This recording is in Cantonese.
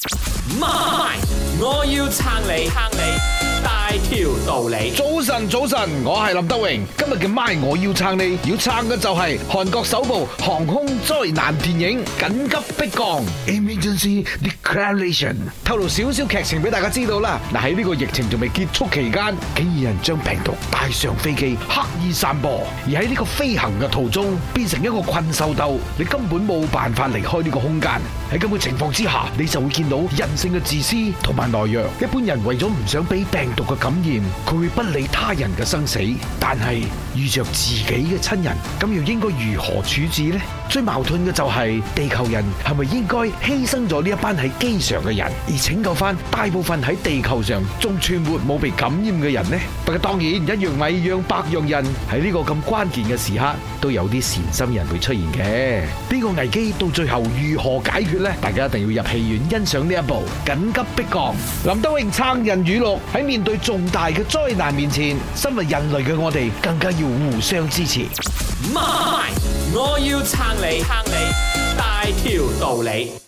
媽咪，My, 我要撐你，撐你。大條道理，早晨早晨，我係林德榮，今日嘅咪我要撐你，要撐嘅就係韓國首部航空災難電影《緊急迫降》（Emergency Declaration）。透露少少劇情俾大家知道啦。嗱，喺呢個疫情仲未結束期間，竟然有人將病毒帶上飛機，刻意散播。而喺呢個飛行嘅途中，變成一個困獸鬥，你根本冇辦法離開呢個空間。喺咁嘅情況之下，你就會見到人性嘅自私同埋懦弱。一般人為咗唔想俾病。病毒嘅感染，佢會不理他人嘅生死，但係，遇着自己嘅親人，咁又應該如何處置呢？最矛盾嘅就係地球人係咪應該犧牲咗呢一班喺機上嘅人，而拯救翻大部分喺地球上仲存活冇被感染嘅人呢？不過當然，一樣米養百樣人，喺呢個咁關鍵嘅時刻，都有啲善心人會出現嘅。呢個危機到最後如何解決呢？大家一定要入戲院欣賞呢一部緊急逼降。林德榮撐人語錄，喺面對重大嘅災難面前，身為人類嘅我哋更加要。互相支持，我我要撐你撐你，大條道理。